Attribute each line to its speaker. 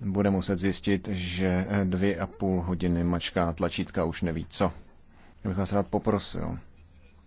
Speaker 1: bude muset zjistit, že eh, dvě a půl hodiny mačká tlačítka už neví co. Já bych vás rád poprosil,